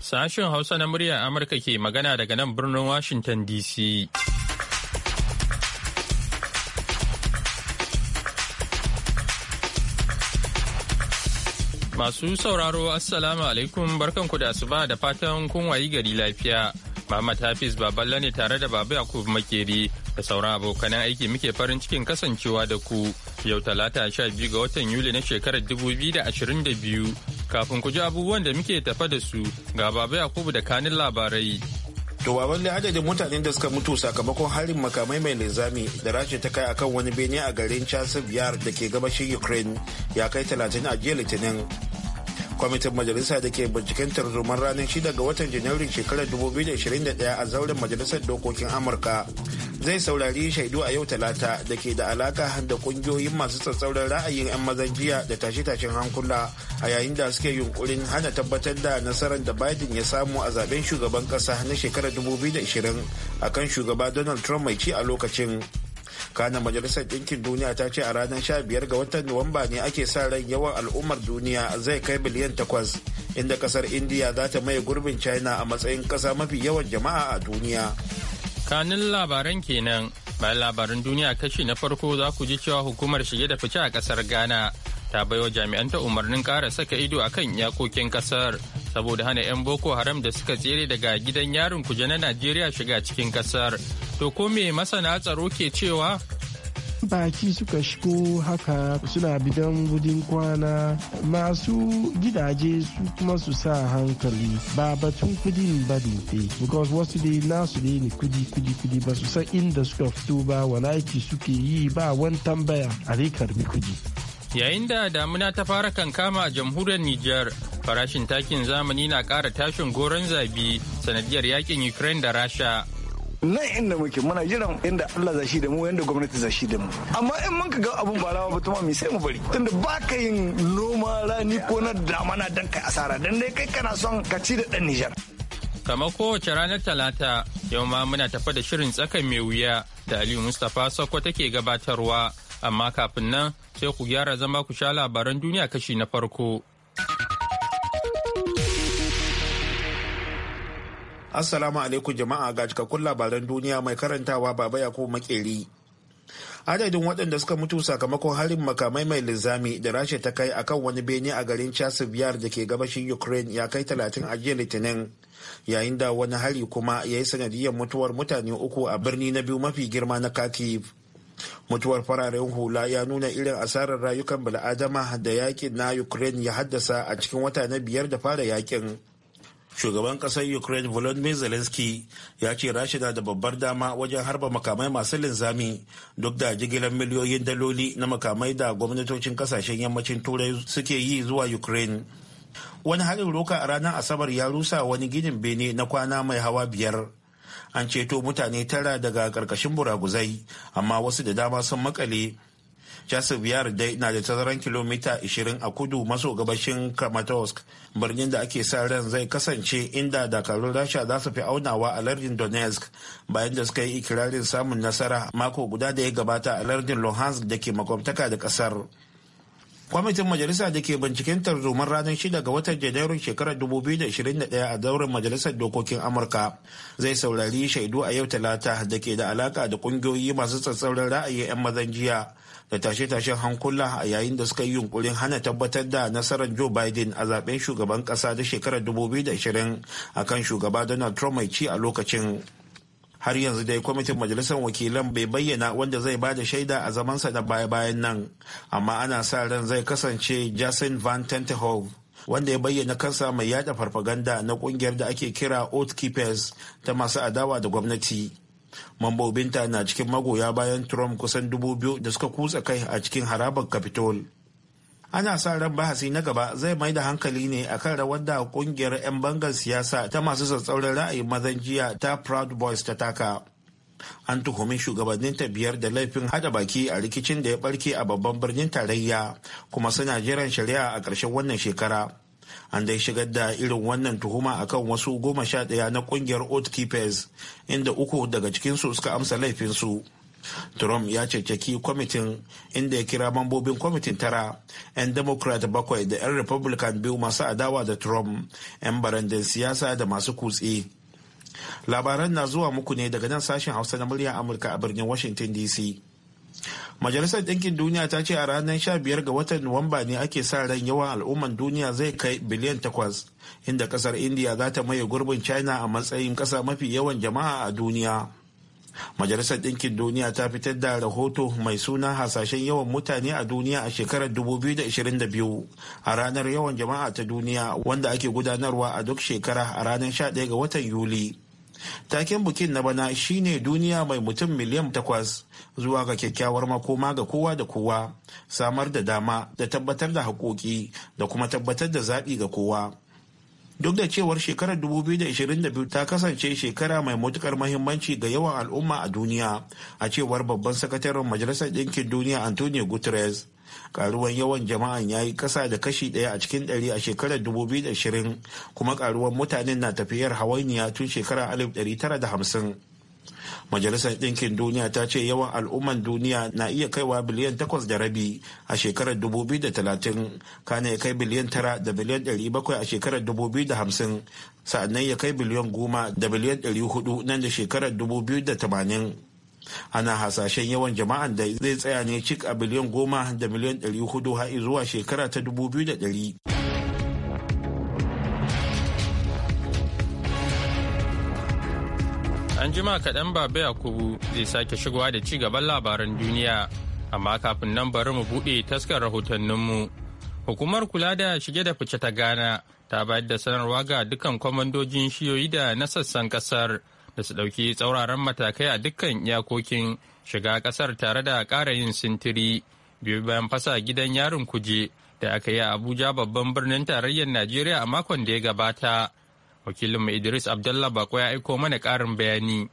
Sashen Hausa na muryar Amurka ke magana daga nan birnin Washington DC. Masu sauraro, Assalamu alaikum barkanku da asuba da fatan kun wayi gari lafiya. Muhammad Hafiz Baballa ne tare da Baba Yakub Makeri da sauran abokanan aiki muke farin cikin kasancewa da ku yau talata sha ga watan Yuli na shekarar dubu ashirin da biyu kafin ku ji abubuwan da muke tafa da su ga Baba Yakubu da kanin labarai. To ba balle adadin mutanen da suka mutu sakamakon harin makamai mai linzami da rashin ta kai akan wani bene a garin Chasiv Yar da ke gabashin Ukraine ya kai talatin a jiya Litinin kwamitin majalisa da ke binciken tarzoman ranar shi daga watan janairun shekarar 2021 a zauren majalisar dokokin amurka zai saurari shaidu a yau talata da ke da alaka da kungiyoyin masu tsatsauran ra'ayin 'yan mazan jiya da tashe-tashen hankula a yayin da suke yunkurin hana tabbatar da nasarar da biden ya samu a zaben shugaban kasa na shekarar 2020 akan shugaba donald trump mai ci a lokacin kana majalisar ɗinkin duniya ta ce a ranar 15 ga watan nuwamba ne ake sa ran yawan al'ummar duniya zai kai biliyan takwas inda kasar indiya za ta maye gurbin china a matsayin ƙasa mafi yawan jama'a a duniya kanin labaran kenan bayan labaran duniya kashi na farko za ku ji cewa hukumar shige da fice a kasar ghana ta baiwa jami'an ta umarnin kara saka ido akan iyakokin kasar saboda hana 'yan boko haram da suka tsere daga gidan yarin kuje na najeriya shiga cikin kasar to ko me masana tsaro ke cewa baki suka shigo haka suna bidan gudun kwana masu gidaje su kuma su sa hankali ba batun kudin ba dofe because wasu dai nasu dai ne kudi kudi kudi ba su san inda suka fito ba wani aiki suke yi ba wani tambaya a dai kudi yayin da damuna ta fara kankama a jamhuriyar Nijar. farashin takin zamani na kara tashin goron zabi sanadiyar yakin Ukraine da Rasha. nan inda muke muna jiran inda Allah zashi da mu yanda gwamnati zashi da mu amma in mun ga abun ba rawa ba tuma mi sai mu bari tunda baka yin noma rani ko na damana dan kai asara dan dai kai kana son ka ci da dan Nijar Kama kowace ranar talata yau ma muna tafa da shirin tsakan mai wuya da Aliyu Mustapha Sokko take gabatarwa amma kafin nan sai ku gyara zama ku sha labaran duniya kashi na farko Assalamu alaikum jama'a ga cikakkun labaran duniya mai karantawa baba Yakubu Makeri. Adadin waɗanda suka mutu sakamakon harin makamai mai linzami da rashe ta kai akan wani bene a garin Chasivyar da ke gabashin Ukraine ya kai talatin a jiya Litinin. Yayin da wani hari kuma ya yi sanadiyar mutuwar mutane uku a birni na biyu mafi girma na Kharkiv. Mutuwar fararen hula ya nuna irin asarar rayukan bala'adama da yakin na Ukraine ya haddasa a cikin wata na biyar da fara yakin. shugaban kasar ukraine volodymyr zelensky ya ce rasha na da babbar dama wajen harba makamai masu linzami duk da jigilar miliyoyin daloli na makamai da gwamnatocin kasashen yammacin turai suke yi zuwa ukraine wani haɗin roka a ranar asabar ya rusa wani ginin bene na kwana mai hawa biyar an ceto mutane tara daga karkashin buraguzai amma wasu da dama sun makale Jasif dai na da tazaran kilomita 20 a kudu maso gabashin Kramatorsk, birnin da ake sa ran zai kasance inda dakarun Rasha za su fi aunawa a lardin Donetsk bayan da suka yi ikirarin samun nasara mako guda da ya gabata a lardin Luhansk da ke makwabtaka da kasar. kwamitin majalisa da ke binciken tarzoman ranar 6 ga watan janairun shekarar 2021 a daurin majalisar dokokin amurka zai saurari shaidu a yau talata da ke da alaka da kungiyoyi masu tsatsauran ra'ayi 'yan mazan jiya da tashe-tashen hankula a yayin da suka yi yunkurin hana tabbatar da nasarar joe biden a zaben shugaban kasa da shekarar 2020 akan shugaba donald trump mai ci a lokacin har yanzu dai kwamitin majalisar wakilan bai bayyana wanda zai ba da shaida a zamansa na baya-bayan nan amma ana sa ran zai kasance jason van tentehove wanda ya bayyana kansa mai yada farfaganda na kungiyar da ake kira oath keepers ta masu adawa da gwamnati mambobinta na cikin magoya bayan trump kusan dubu biyu da suka kutsa kai a cikin harabar capitol ana sa ran bahasi na gaba zai mai da hankali ne a kan rawar da kungiyar 'yan bangar siyasa ta masu tsatsauran ra'ayin mazan jiya ta proud boys ta taka an tuhumi shugabannin ta biyar da laifin hada baki a rikicin da ya barke a babban birnin tarayya kuma suna jiran shari'a a ƙarshen wannan shekara an dai shigar da irin wannan tuhuma akan wasu goma sha ɗaya na kungiyar oath keepers inda uku daga cikinsu suka amsa laifinsu trump ya ceceki kwamitin inda ya kira mambobin kwamitin tara 'yan democrat bakwai da 'yan republican biyu masu adawa da trump 'yan barandin siyasa da masu kutse labaran na zuwa muku ne daga nan sashen hausa na murya amurka a birnin washington dc Majalisar Ɗinkin Duniya ta ce a ranar 15 ga watan Nuwamba ne ake sa ran yawan al'umman duniya zai kai biliyan takwas, inda ƙasar indiya za ta maye gurbin China a matsayin ƙasa mafi yawan jama'a a duniya. Majalisar Ɗinkin Duniya ta fitar da rahoto mai suna hasashen yawan mutane a duniya a shekarar 2022 a ranar yawan jama'a ta duniya wanda ake gudanarwa a duk shekara a ranar 11 ga watan Yuli. Taken bukin na bana shine duniya mai mutum miliyan takwas zuwa ga kyakkyawar makoma ga kowa da kowa, samar da dama da tabbatar da haƙoƙi da kuma tabbatar da zaɓi ga kowa. Duk da cewar shekarar 2022 ta kasance shekara mai matukar mahimmanci ga yawan al'umma a duniya, a cewar babban sakataren Majalisar Ɗinkin Duniya Antonio Guterres, karuwan yawan jama'an ya yi kasa da kashi ɗaya a cikin ɗari a shekarar 2020 kuma ƙaruwar mutanen na tafiyar hawainiya tun shekarar 1950 majalisar ɗinkin duniya ta ce yawan al'umman duniya na iya kaiwa biliyan takwas da rabi a shekarar 2030 kana ya kai biliyan tara da biliyan bakwai a shekarar hamsin sa'annan ya kai biliyan goma da biliyan hudu nan da shekarar da 2080 ana hasashen yawan jama'an da zai tsaya ne cik a biliyan goma da miliyan ɗari hudu har zuwa shekara ta dubu biyu da ɗari. an jima kaɗan baba yakubu zai sake shigowa da ci gaban labaran duniya amma kafin nan bari mu buɗe taskar rahotanninmu hukumar kula da shige da fice ta gana ta bayar da sanarwa ga dukkan kwamandojin shiyoyi da na sassan ƙasar da su ɗauki tsauraran matakai a dukkan iyakokin shiga ƙasar tare da ƙara yin sintiri biyu bayan fasa gidan yarin kuje da aka yi a abuja babban birnin tarayyar najeriya a makon da ya gabata wakilinmu idris abdullah bako ya aiko mana ƙarin bayani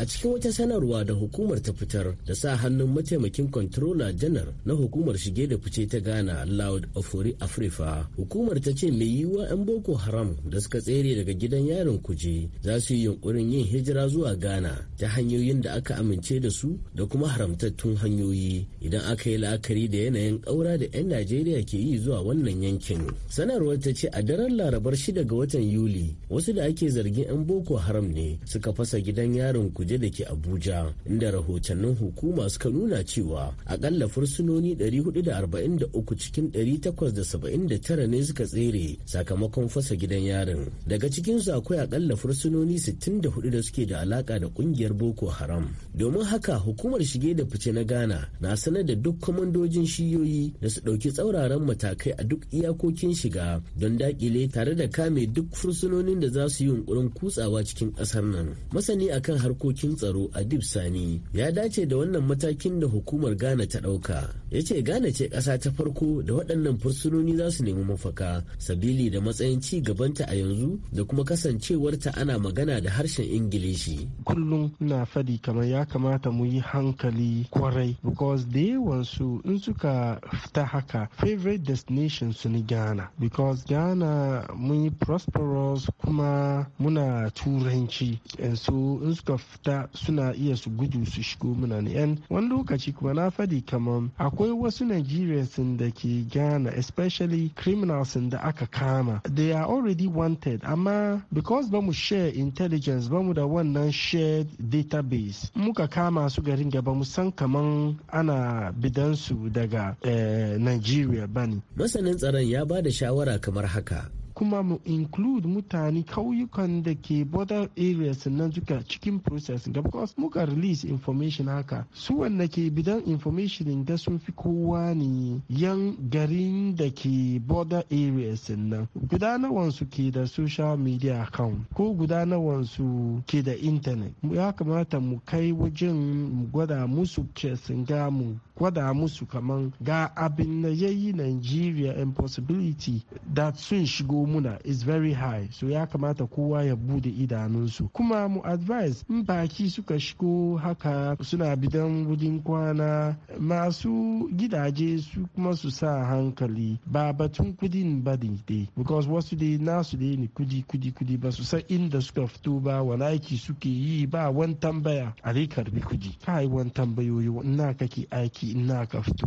a cikin wata sanarwa da hukumar ta fitar da sa hannun mataimakin controller janar na hukumar shige da fice ta ghana loud ofori afrifa hukumar ta ce mai yiwuwa 'yan boko haram da suka tsere daga gidan yarin kuje za su yi yunkurin yin hijira zuwa ghana ta hanyoyin da aka amince da su da kuma haramtattun hanyoyi idan aka yi la'akari da yanayin ƙaura da 'yan najeriya ke yi zuwa wannan yankin sanarwar ta ce a daren larabar shida ga watan yuli wasu da ake zargin 'yan boko haram ne suka fasa gidan yarin kuje waje da ke abuja inda rahotannin hukuma suka nuna cewa akalla fursunoni 443 cikin 879 ne suka tsere sakamakon fasa gidan yarin daga cikinsu akwai akalla fursunoni 64 da suke da alaka da kungiyar boko haram domin haka hukumar shige da fice na ghana na sanar da duk kwamandojin shiyoyi da su ɗauki tsauraran matakai a duk iyakokin shiga don dakile tare da kame duk fursunonin da za su yi yunkurin kutsawa cikin ƙasar nan masani akan harkokin harkokin tsaro adib sani ya dace da wannan matakin da hukumar ghana ta ɗauka ya ce ghana ce ƙasa ta farko da waɗannan fursunoni za su nemi mafaka sabili da matsayin ci gabanta a yanzu da kuma kasancewarta ana magana da harshen ingilishi kullum na faɗi kamar ya kamata mu yi hankali kwarai because da su in suka fita haka favorite destination su ni ghana because ghana mun yi prosperous kuma muna turanci and so in suka fita suna iya su gudu su shigo muna ne yan wani lokaci kuma na fadi kaman akwai wasu nigerians da ke ghana especially criminals da aka kama they are already wanted amma because ba mu share intelligence ba mu da wannan shared database muka kama su garin gaba mu san kaman ana bidansu daga eh, nigeria bane masanin tsaron ya ba da shawara kamar haka kuma mu include mutane kauyukan da ke border areas na duka cikin process ga because muka release information haka su wanda ke bidan information da sun fi kowa ne yan garin da ke border areas nan gudanarwansu ke da social media account ko gudanarwansu ke da internet ya kamata mu kai wajen mu gwada musu cesin gamu mu gwada musu kaman ga abin da ya yi nigeria impossibility da sun shigo muna is very high so ya kamata kowa ya bude idanunsu kuma mu advice in baki suka shigo haka suna bidan wudin kwana masu gidaje su kuma su sa hankali ba batun kudin ba dai because wasu dai nasu dai ne kudi kudi kudi ba su san inda suka fito ba wani aiki suke yi ba wani tambaya a dai karbi kudi kai wani tambayoyi ina kake aiki ina ka fito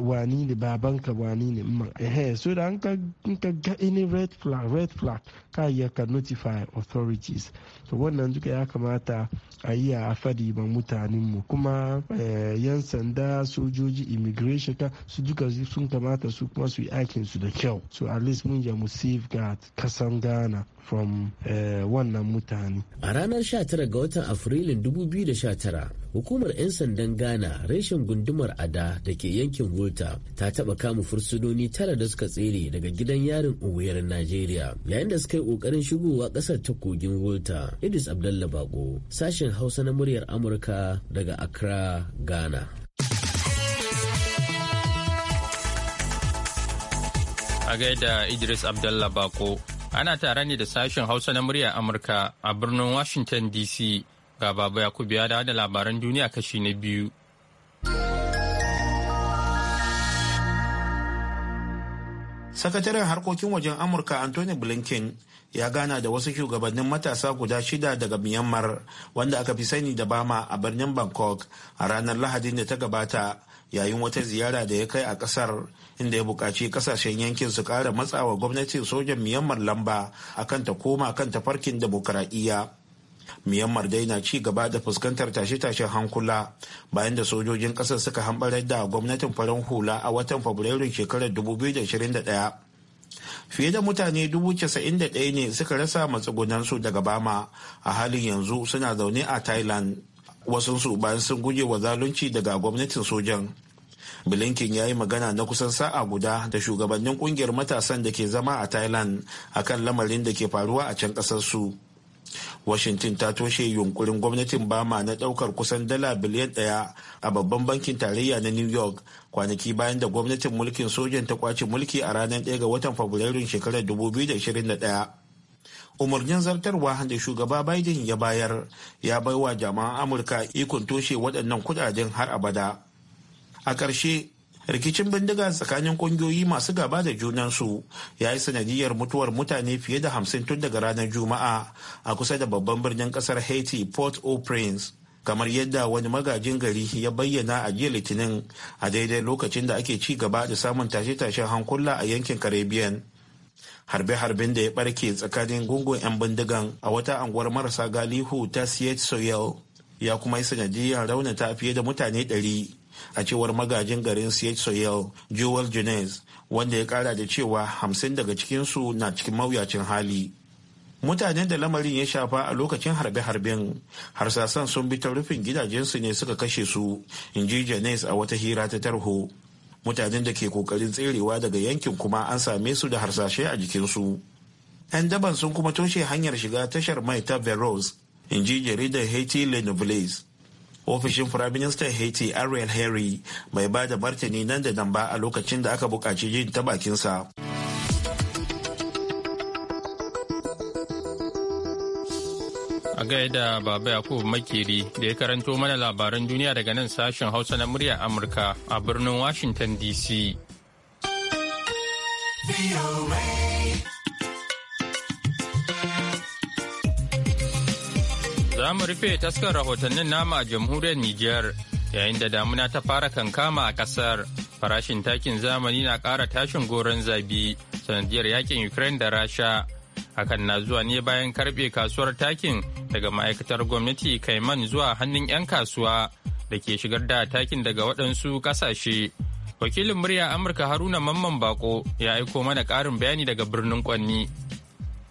wani ne babanka wani ne ma so da an ka ga any red flag red flag ka iya ka notify authorities to wannan duka ya kamata a yi a fadi mutanen mutanenmu kuma eh, yan sanda sojoji immigration ka su duka sun kamata su kuma su yi aikin su da kyau so at least mun ya mu safeguard kasan ghana from eh, wannan mutane a ranar 19 ga watan afrilun 2019 hukumar 'yan sandan ghana reshen gundumar ada da ke yankin volta ta taba kama fursunoni tara da suka tsere daga gidan yarin uwayar najeriya yayin da suka yi kokarin shigowa kasar ta kogin volta idris abdullahi bako sashen hausa na muryar amurka daga accra ghana a gaida idris abdallah bako ana tare ne da sashen hausa na muryar amurka a birnin washington dc Ga babu Yakubu ya dawo da labaran duniya kashi na biyu. Sakataren harkokin wajen Amurka Anthony Blinken ya gana da wasu shugabannin matasa guda shida daga Myanmar wanda aka fi sani da Bama a birnin Bangkok a ranar Lahadin da ta gabata yayin wata ziyara da ya kai a kasar inda ya buƙaci kasashen yankin su ƙara matsawa gwamnatin sojan Myanmar lamba akan ta koma kan tafarkin demokuraɗiyya. Myanmar dai na ci gaba da fuskantar tashe-tashen hankula bayan da sojojin kasar suka hambarar da gwamnatin farin hula a watan Fabrairun shekarar 2021. Fiye da mutane 91,000 ne suka rasa matsugunansu daga Bama a halin yanzu suna zaune a Thailand. Wasunsu bayan sun guje wa zalunci daga gwamnatin sojan. bilinkin ya yi magana na kusan sa'a guda da shugabannin kungiyar matasan da ke zama a Thailand akan lamarin da ke faruwa a can kasarsu. su. washington ta toshe yunkurin gwamnatin bama na daukar kusan dala biliyan daya a babban bankin tarayya na new york kwanaki bayan da gwamnatin mulkin sojan ta kwace mulki a ranar 1 ga watan fabrairun shekarar 2021 umarnin zartarwa da shugaba biden ya bayar ya baiwa jama'an amurka ikon toshe waɗannan kudaden har abada a ƙarshe rikicin bindiga tsakanin kungiyoyi masu gaba da junansu ya yi sanadiyar mutuwar mutane fiye da hamsin tun daga ranar juma'a a kusa da babban birnin kasar haiti port au prince kamar yadda wani magajin gari ya bayyana a jiya litinin a daidai lokacin da ake ci gaba da samun tashe-tashen hankula a yankin caribbean harbe-harben da ya barke tsakanin gungun 'yan bindigan a wata anguwar marasa galihu ta siet soyal ya kuma yi sanadiyar raunata fiye da mutane 100 a cewar magajin garin Soyel jewel jones wanda ya kara da cewa hamsin daga cikinsu na cikin mawuyacin hali. Mutanen da lamarin ya shafa a lokacin harbe-harben harsasan sun bi ta rufin gidajensu ne suka kashe su, in ji a wata hira ta tarho. Mutanen da ke kokarin tserewa daga yankin kuma an same su da harsashe a jikinsu. 'Yan daban sun kuma toshe hanyar shiga tashar mai ta Veros, in ji jaridar Haiti Le ofishin firaministan haiti ariel henry bai ba da martani nan da nan ba a lokacin da aka bukaci yin ta bakinsa a gaida baba yakubu makeri da ya karanto mana labaran duniya daga nan sashen hausa na murya amurka a birnin washington dc Za mu rufe taskar rahotannin nama a jamhuriyar Nijar yayin da damuna ta fara kankama a kasar. Farashin takin zamani na ƙara tashin goron zabi sanadiyar yakin Ukraine da Rasha. Hakan na zuwa ne bayan karɓe kasuwar takin daga ma'aikatar gwamnati Kaiman zuwa hannun 'yan kasuwa da ke shigar da takin daga waɗansu ƙasashe. Wakilin murya Amurka Haruna Mamman Bako ya aiko mana ƙarin bayani daga birnin Kwanni.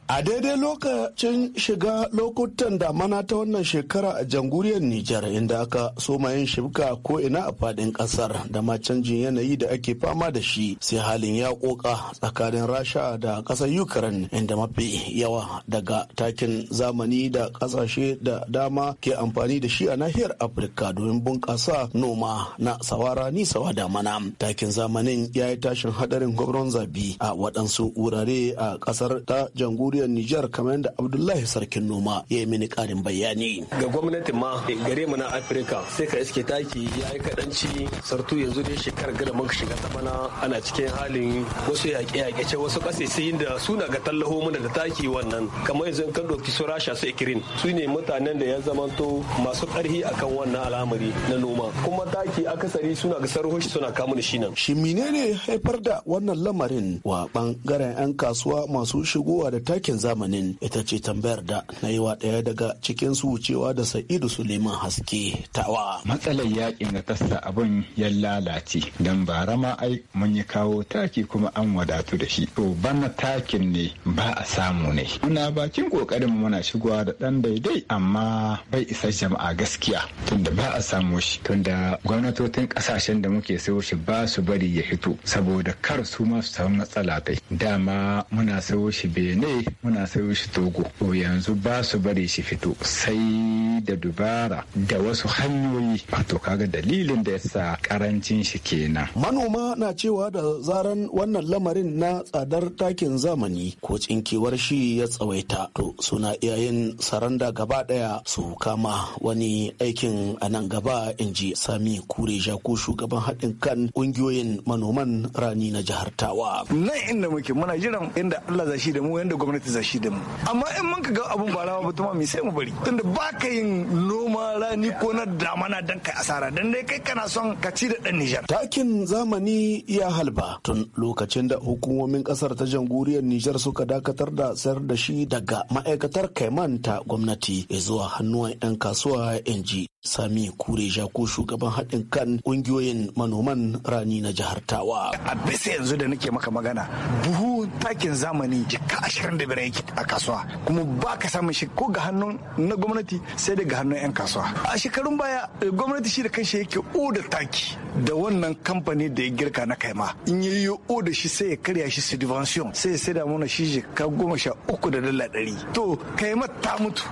A daidai lokacin shiga lokutan damana ta wannan shekara a jamhuriyar Nijar inda aka soma yin shibka ko ina a fadin kasar da ma canjin yanayi da ake fama da shi sai halin ya koka tsakanin Rasha da kasar Ukraine inda mafi yawa daga takin zamani da kasashe da dama ke amfani da shi a nahiyar Afirka domin bunƙasa noma na sawara da mana, Takin zamanin ya yi tashin hadarin gwamnon zabi a waɗansu wurare a kasar ta jamhuriyar jamhuriyar Nijar kamar yadda Abdullahi Sarkin Noma ya yi mini karin bayani. Ga gwamnati ma eh, gare mu na Afirka sai ka iske taki ya yi kaɗanci sartu yanzu dai shekarar gada muka shiga ta bana ana cikin halin wasu yaƙe-yaƙe ce wasu ƙasashe da suna ga tallaho mana da taki wannan kamar yanzu kan ɗauki su Rasha su Ikirin su ne mutanen da ya zamanto masu karhi akan wannan al'amari na noma kuma taki akasari suna ga sarhoshi suna kamun shi nan. Shi menene haifar da wannan lamarin wa ɓangaren 'yan kasuwa masu shigowa da taki aikin zamanin ita ce tambayar da na yi wa ɗaya daga cikin su wucewa da sa'idu suleiman haske tawa matsalar yakin na tassa abun ya lalace don bara ma ai mun yi kawo taki kuma an wadatu da shi to bana takin ne ba a samu ne muna bakin kokarin muna shigowa da ɗan daidai amma bai isa jama'a gaskiya tunda ba a samu shi tunda gwamnatocin kasashen da muke sayo shi ba su bari ya fito saboda kar su ma su samu matsala dai dama muna sayo shi bene muna sayo shi togo yanzu ba su bari shi fito sai da dubara da wasu hanyoyi wato kaga dalilin da ya sa karancin shi kenan manoma na cewa da zaran wannan lamarin na tsadar takin zamani ko tsinkewar shi ya tsawaita to suna iyayen saranda gaba daya su kama wani aikin a nan gaba in ji sami kure ko shugaban haɗin kan ƙungiyoyin manoman rani na jihar tawa nan inda muke muna jiran inda allah zashi da mu yanda gwamnati za zashi da mu amma in mun ga abun ba rawa ba ma me sai mu bari tunda ba ka yin noma rani ko na damana dan kai asara dan dai kai kana son ka ci da dan Nijar takin zamani ya halba tun lokacin da hukumomin kasar ta jamhuriyar Nijar suka dakatar da sayar da shi daga ma'aikatar Kaiman ta gwamnati zuwa hannuwan 'yan kasuwa NG Sami Kure ko shugaban haɗin kan ƙungiyoyin manoman rani na jihar Tawa. A bisa yanzu da nake maka magana buhu takin zamani jika 25 dogara yake a kasuwa kuma ba ka samun shi ko ga hannun na gwamnati sai dai ga hannun 'yan kasuwa a shekarun baya eh, gwamnati shi da kanshi yake oda taki da wannan kamfani da ya girka na kaima in ya yi oda shi sai ya karya shi subvention sai ya saida mana shi ka goma sha uku da dala ɗari to kaima ta mutu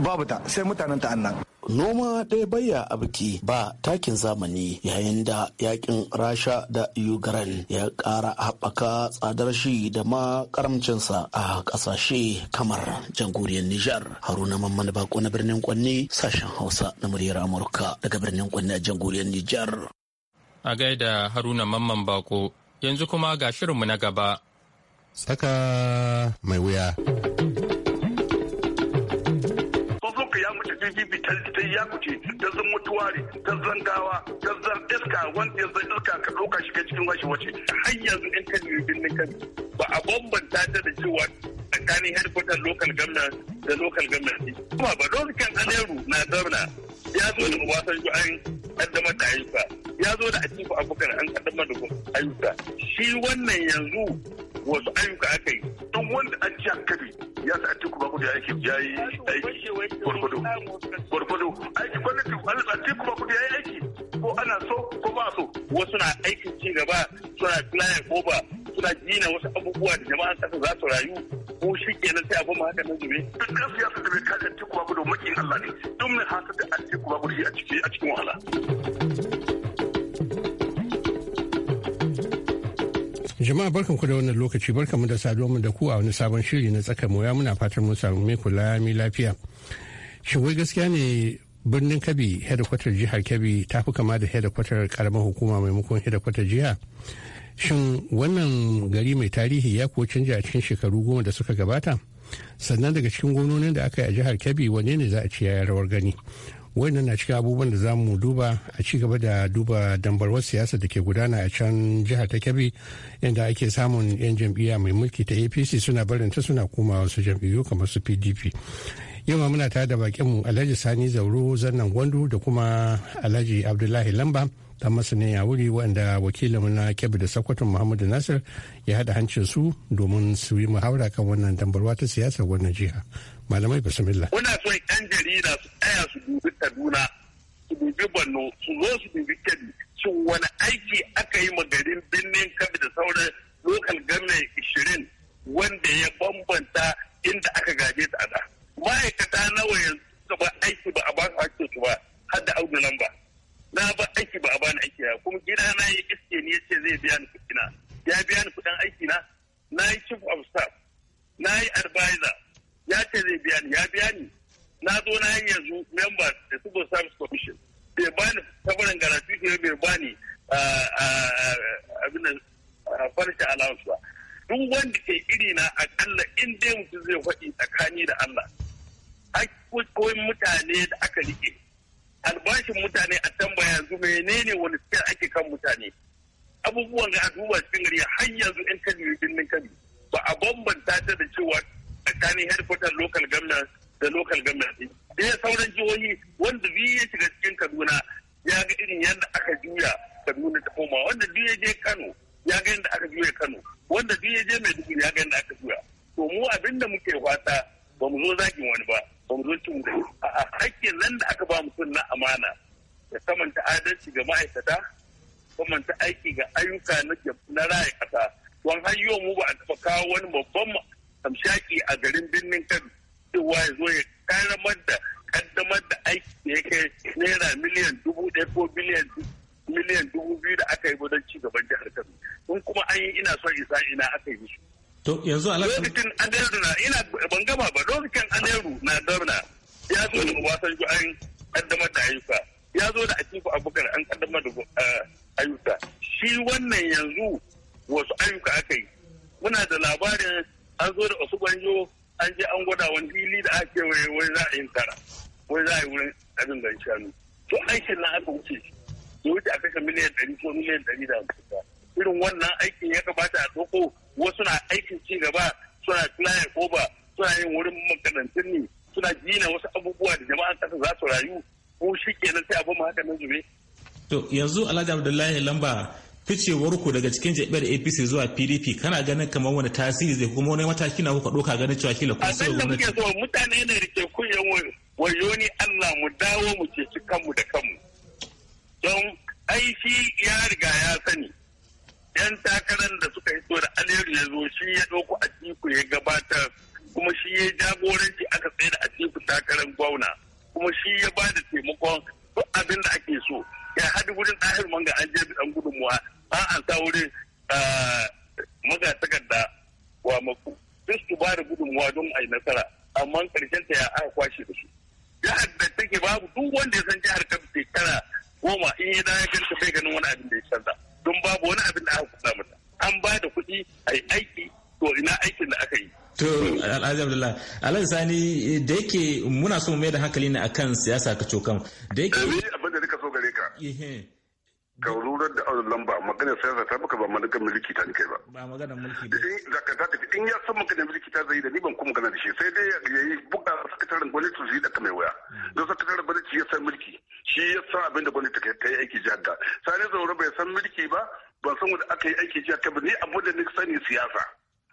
babu ta sai mutanen ta annan noma ɗaya bayya a biki ba takin zamani yayin da yakin rasha da ukraine ya ƙara haɓaka tsadar shi da ma karamcinsa a ƙasashe kamar jamhuriyar nijar haruna mamman bako na birnin kwanne sashen hausa na muryar amurka daga birnin kwanne a jamhuriyar nijar a gaida haruna mamman bako yanzu kuma ga shirinmu na gaba Saka mai wuya pdp ta ya kuce ta zan mutuwa ne, ta zan gawa, ta zan iska wanda ya zan iska ka ɗauka shiga cikin washe wace har yanzu in kan birnin kan ba a bambanta ta da cewa tsakanin headquarter local government da local government kuma ba kan aneru na zauna ya zo da obasanjo an kaddama da ayyuka ya zo da ku abubakar an kaddama da ayyuka shi wannan yanzu wasu ayyuka aka yi don wanda an ci an ya sa atiku ba kudu ya aiki ya yi aiki gwargwado gwargwado aiki gwamnati atiku ba kudu ya yi aiki ko ana so ko ba so wasu na aikin ci gaba suna planning over suna gina wasu abubuwa da jama'an kasa za su rayu ko shi kenan sai abin haka nan zube duk ɗan siyasa da bai kada atiku ba kudu makin Allah ne duk mai hasa da atiku ba kudu a cikin wahala. Jama'a barkan ku da wannan lokaci barkan mu da saduwa mu da ku a wani sabon shiri na tsaka moya muna fatan mun samu mai kula mai lafiya. Shin wai gaskiya ne birnin kabi headquarter jihar kabi ta fi kama da headquarter karamar hukuma maimakon headquarter jiha? Shin wannan gari mai tarihi ya kuwa canja a cikin shekaru goma da suka gabata? Sannan daga cikin gononin da aka yi a jihar kabi wane ne za a ci rawar gani? wannan na cikin abubuwan da za mu duba a ci gaba da duba dambarwar siyasa da ke gudana a can jihar ta kebbi inda ake samun 'yan jam'iyya mai mulki ta apc suna barin ta suna koma wasu jam'iyyu kamar su pdp yau ma muna tare da bakinmu alhaji sani zauro zannan gwandu da kuma alhaji abdullahi lamba dan masanin ya wuri wanda wakilinmu na kebbi da sakwatin muhammadu nasir ya haɗa hancin su domin su yi muhawara kan wannan tambarwa ta siyasar wannan jiha malamai bismillah muna so yan jarida su tsaya su dubi kaduna su dubi borno su zo su dubi kebbi su wani aiki aka yi magarin birnin kebbi da sauran lokal government ishirin wanda ya bambanta inda aka gaje ta a da ma'aikata nawa yanzu ba aiki ba a ba su hakkin su ba har da audu lamba na ba aiki ba a bani aiki ba kuma gida na yi iske ni yace zai biya ni kuɗi na ya biya ni kuɗin aiki na na yi chief of staff na yi advisor ya ce zai biya ni ya biya ni na zo na yi yanzu member da civil service commission bai bani kabarin garanti ne bai bani ah, ah, ah, abin farce allowance ba duk wanda ke iri na akalla in dai mutum zai faɗi tsakani da Allah hakkokin mutane da aka rike albashin mutane a tambaya yanzu menene wani siya ake kan mutane abubuwan da a duba cikin gari har yanzu in yan kabiru birnin kan ba a bambanta ta da cewa tsakanin headquarter local government da local government din da sauran jihohi wanda biyu ya shiga cikin kaduna ya ga irin yadda aka juya kaduna ta koma wanda biyu ya je kano ya ga yadda aka juya kano wanda biyu ya je maiduguri ya ga yadda aka juya to mu abinda muke fata ba mu zo zagin wani ba ba a hakkin nan da aka ba mutum na amana da kamanta adalci ga ma'aikata kamanta aiki ga ayyuka na raya kasa don hanyo mu ba a taɓa kawo wani babban amshaki a garin birnin kan cewa ya zo ya karamar da kaddamar da aiki da kai naira miliyan dubu ɗaya ko miliyan miliyan dubu biyu da aka yi wajen ci gaban jihar Kano in kuma an yi ina son isa ina aka yi musu To yanzu alaƙa. Lokacin Aderu na ina ban gama ba lokacin Aderu na gwamna ya zo da wasan ju an kaddamar da ayyuka ya zo da Atiku Abubakar an kaddamar da eh, ayyuka shi wannan yanzu wasu ayyuka aka yi muna da labarin an zo da wasu gwanjo an je an gwada wani fili da ake waye wai za a yi tara wai za a yi wurin abin da shanu to aikin na aka wuce ya wuce a kashe miliyan ɗari ko miliyan ɗari da hamsin irin wannan aikin ya kamata a ɗauko wasu na aikin ci gaba suna ko over suna yin wurin makarantun ne suna gina wasu abubuwa da jama'an kasa za su rayu ko shi kenan sai abin haka nan zube. To yanzu Alhaji Abdullahi Lamba ficewar ku daga cikin jami'ar APC zuwa PDP kana ganin kamar wani tasiri zai kuma wani mataki na kuka ɗauka ganin cewa kila kun sai wani Abin so mutane ne da ke kunyan wayo ni Allah mu dawo mu ceci kanmu da kanmu. Don aiki ya riga ya sani. yan takarar da suka hito da aliyu ya zo shi ya ɗauko a tiku ya gabatar kuma shi ya jagoranci aka tsaye da a tiku takarar gwamna kuma shi ya ba da taimakon duk abin da ake so ya haɗu wurin ɗahir manga an je an gudunmuwa ba an sa wurin ah, maga takarda wa maku duk su ba da gudunmuwa don a yi nasara amma karshen ya aka kwashe da su jihar da take babu duk wanda ya san jihar kafin shekara goma in ya dawo ya ganta bai ganin wani abin da ya canza. don babu wani abin da aka kuɗa mata an ba da kuɗi a yi aiki to ina aikin da aka yi To Alhaji abdullahi Alhaji Sani da yake muna so mai da hankali ne akan siyasa ka cokan da yake eh, abin da nika so gare ka ka da auren lamba magana siyasa ta baka ba maganar mulki ta nika ba ba maganar mulki ba in zaka zaka in ya san magana mulki ta zai da ni ban kuma magana da shi sai dai ya yi buga sakataren gwamnati su yi da mai waya hmm. don sakataren gwamnati ya san mulki shi ya san abin da gwamnati ta yi aiki jihar ga sani zaure bai san mulki ba ban san wanda aka yi aiki jihar ba ni abu da ni sani siyasa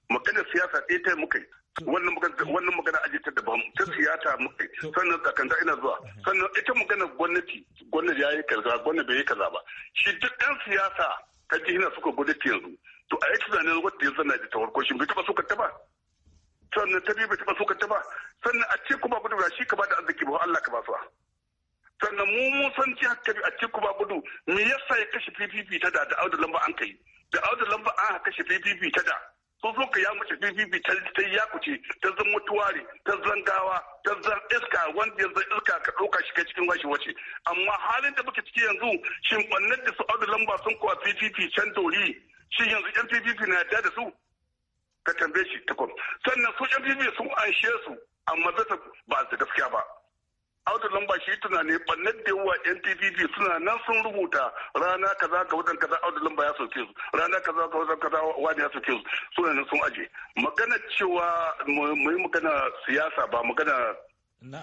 maganar siyasa ɗaya ta muka yi wannan magana wannan magana ajitar da bamu ta siyasa muke sannan tsakanta ina zuwa sannan ita magana gwamnati gwamnati ya yi kaza gwamnati bai yi kaza ba shi duk ɗan siyasa ta jihina suka gwamnati yanzu to a yi tunanin wanda ya zana da tawarko shi bai taɓa suka ta ba sannan ta biyu bai taɓa suka ta ba sannan a ce kuma gudu shi ka ba da arziki ba Allah ka ba su sannan mu mu san ci Kebbi a ce kuma gudu me yasa ya kashe PPP ta da da auda lamba an kai da auda lamba an kashe PPP ta da faflonka ya mace pdp ta ya kuce ta zan mutuware ta zan gawa ta zan iska wanda ya zan iska ka ɗauka shi ka cikin washi wace amma halin da muke ciki yanzu shin da su audu lamba sun kuwa pdp can doli shin yanzu yan na yadda da su ka tambaye shi tukun sannan su yan sun anshe su amma zata ba su gaskiya ba. auda lamba shi tunani bannan da yawa nppp suna nan sun rubuta rana kaza ga wadan kaza auda lamba ya soke su rana kaza ga wadan kaza wani ya soke su suna nan sun aje magana cewa mu magana siyasa ba magana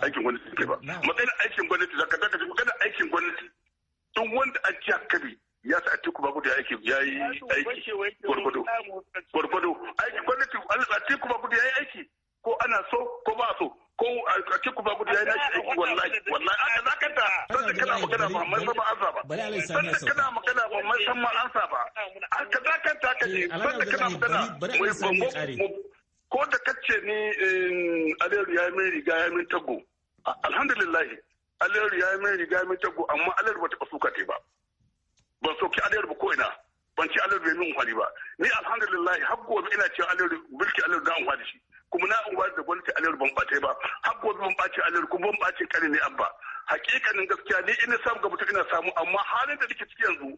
aikin gwamnati ke ba magana aikin gwamnati zaka zaka magana aikin gwamnati duk wanda a ji kabi ya sa atiku ba gudu ya aiki ya yi aiki gwargwado gwargwado aiki gwamnati atiku ba gudu ya yi aiki ko ana so ko ba so ko a ce ku babu ya yi aiki wallahi wallahi aka zakanta da kana magana ba da kana magana ba aka zakanta ka eh, da kana magana ko da kace ni eh, ya yi riga ya yi tago alhamdulillah aliyu ya yi mai riga ya yi min tago amma aliyu ba ta suka ba ban soki aliyu ba ko ina ban ci alal bai min ba ni alhamdulillah har gobe ina cewa alal mulki alal na amfani shi kuma na amfani da gwamnati alal ban bace ba har gobe ban bace alal kuma ban bace kare ne abba hakikanin gaskiya ni ina samu ga mutum ina samu amma halin da nake ciki yanzu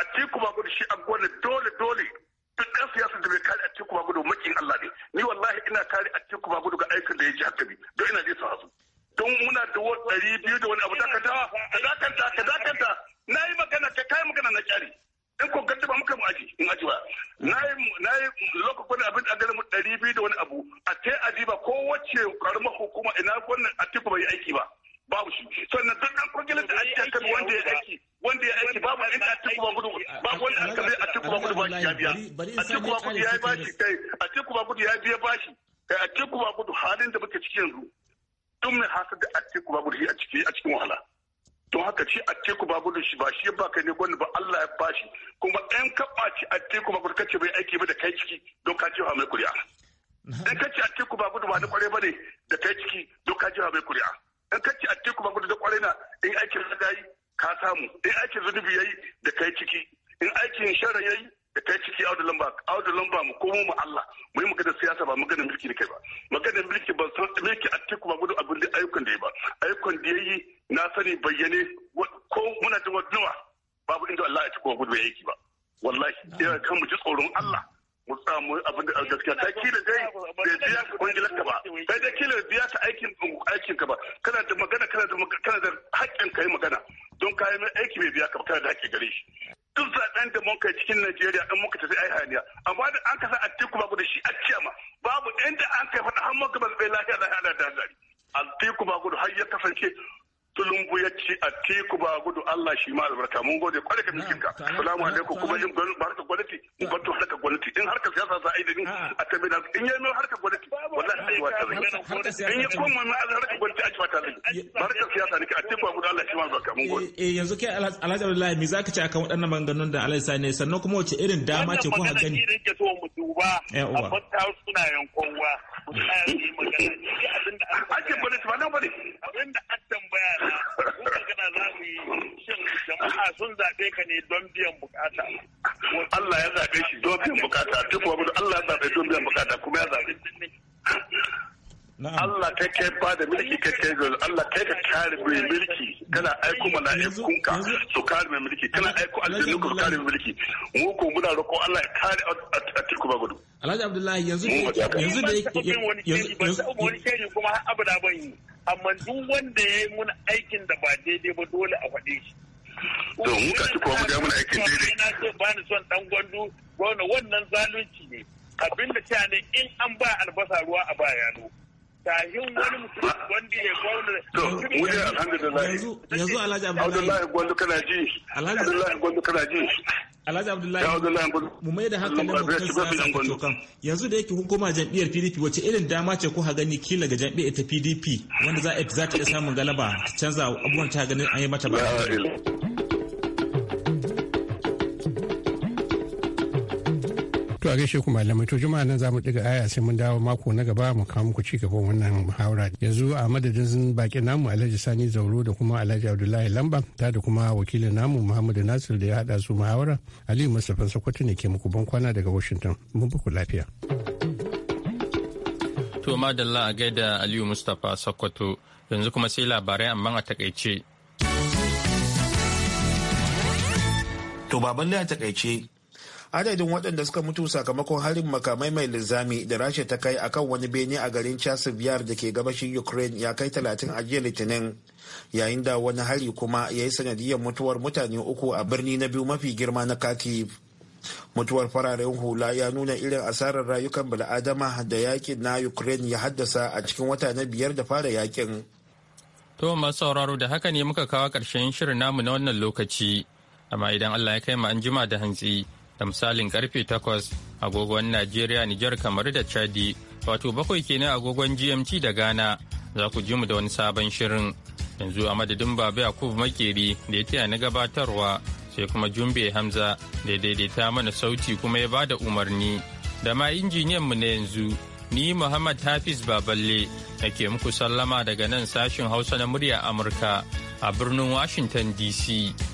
a tiku ba gudu shi a gwani dole dole duk ɗan siyasa da bai kare a tiku ba gudu makin Allah ne ni wallahi ina kare a tiku ba gudu ga aikin da ya ji hakami don ina jin hasu don muna da ɗari biyu da wani abu dakata ka dakata ka dakata na yi magana ka kai magana na kyari in ko gaddaba muka mu aji in aji ba mm. na yi lokacin abin da gani mu ɗari biyu da wani abu a ta aji ba wacce karma hukuma ina wannan atiku bai aiki ba babu shi sannan duk ɗan kurgilin da ake kan wanda ya aiki wanda ya aiki babu inda atiku ba gudu ba wanda aka bai atiku ba gudu ba shi ya biya atiku ba gudu ya ba bashi kai eh, atiku ba gudu ya biya bashi kai eh, atiku ba gudu halin da muke ciki yanzu duk mai hasa da atiku ba gudu a cikin wahala. don haka ce a teku ba gudun shi ba shi ba kai ne gwanda ba Allah ya ba shi kuma ɗan kaɓa ce a teku ba gudun kace bai aiki ba da kai ciki don ka jefa mai kuri'a ɗan kace a teku ba gudun ba na kwarai ba ne da kai ciki don ka jefa mai kuri'a ɗan kace a teku ba gudun da kwarai na in aikin da ka samu in aikin zunubi yayi da kai ciki in aikin ya yayi da ta ciki audu lamba audu lamba mu komo mu Allah mu yi maganar siyasa ba maganar mulki da kai ba maganar mulki ba san mulki a tiku ba gudu abin da ayyukan da yi ba ayyukan da yayi na sani bayyane ko muna da wadduwa babu inda Allah ya tiku ba gudu yake ba wallahi ina kan mu ji tsoron Allah mu samu abin da gaskiya ta kila dai da biya ka bangilar ka ba sai da kila biya ka aikin aikin ka ba kana da magana kana da kana da haƙƙin kai magana don kayan aiki bai biya ka kana da haƙƙi gare shi duk ɗan da muka cikin Najeriya in muka tafi ai haniya amma da an kasa Atiku babu da shi a ciyama babu inda an kai faɗa har muka ba zai lafiya da hada da gari Atiku babu har ya kasance tulungu ya ci a teku ba gudu Allah shi ma albarka mun gode kwarai ka miskin ka salamu alaikum kuma in barka gwamnati in bantu harka gwamnati in harka siyasa za a yi da ni a tabi na in yayi harka gwamnati wallahi sai wata zai in ya koma ma a harka gwamnati a ci wata zai eh, eh, harka siyasa ne a teku ba gudu Allah shi ma albarka mun gode eh, eh yanzu kai Alhaji Abdullahi me zaka ce akan waɗannan maganganun da Alhaji Sani sannan kuma wace irin dama ce ko haka gani so mu duba a fatta suna yankon wa mu tsaya yi magana abinda ake gwamnati ba nan abinda an tambaya magana za mu yi shin jama'a sun zaɓe ka ne don biyan bukata. Allah ya zaɓe shi don biyan bukata duk wani Allah ya zaɓe don biyan bukata kuma ya zaɓe. Allah kai kai ba da mulki kai kai zuwa Allah kai ka kare mai mulki kana aiko mala'ikunka su kare mai mulki kana aiko aljanu ka kare mai mulki mu ko muna roƙo Allah ya kare a tiku ba gudu Alhaji Abdullahi yanzu yanzu da yanzu wani shiri kuma har da ban yi amma duk wanda ya yi mun aikin da ba daidai ba dole a faɗe shi to mu ka ci kuma mu ga mun aikin daidai na so ba ni son dan gwandu wannan zalunci ne abinda cewa ne in an ba albasa ruwa a bayano Yanzu da da yake hukumar jam'iyyar PDP wace irin dama ce ku gani kila ga jam'iyyar ta PDP wanda za a za ta iya samun galaba ta canza abubuwan ta ganin an yi mata ba. To a gaishe ku malamai to juma'a nan za mu ɗiga aya sai mun dawo mako na gaba mu kawo muku ci gaban wannan muhawara. Yanzu a madadin bakin namu Alhaji Sani Zauro da kuma Alhaji Abdullahi Lamba ta da kuma wakilin namu Muhammadu Nasir da ya hada su muhawara Aliyu Mustapha Sokoto ne ke muku ban kwana daga Washington. Mun ku lafiya. To madalla a gaida Aliyu mustafa Sokoto yanzu kuma sai labarai amma a takaice. To baban da a takaice adadin waɗanda suka mutu sakamakon harin makamai mai linzami da rasha ta kai a kan wani bene a garin chasivyar da ke gabashin ukraine ya kai talatin a jiya litinin yayin da wani hari kuma ya yi sanadiyar mutuwar mutane uku a birni na biyu mafi girma na kharkiv mutuwar fararen hula ya nuna irin asarar rayukan bala'adama da yakin na ukraine ya haddasa a cikin wata na biyar da fara yakin to masu sauraro da haka ne muka kawo karshen shirin namu na wannan lokaci amma idan allah ya kai mu an jima da hantsi da misalin karfe 8 agogon Najeriya, Nijar kamar da Chadi, wato bakwai kenan agogon GMT da Ghana za ku ji mu da wani sabon shirin. Yanzu a madadin Baba Yakub Makeri da ya taya na gabatarwa sai kuma Jumbe Hamza da ya daidaita mana sauti kuma ya bada umarni. Da ma injiniyan mu na yanzu ni Muhammad Hafiz Baballe nake muku sallama daga nan sashin Hausa na murya Amurka a birnin Washington DC.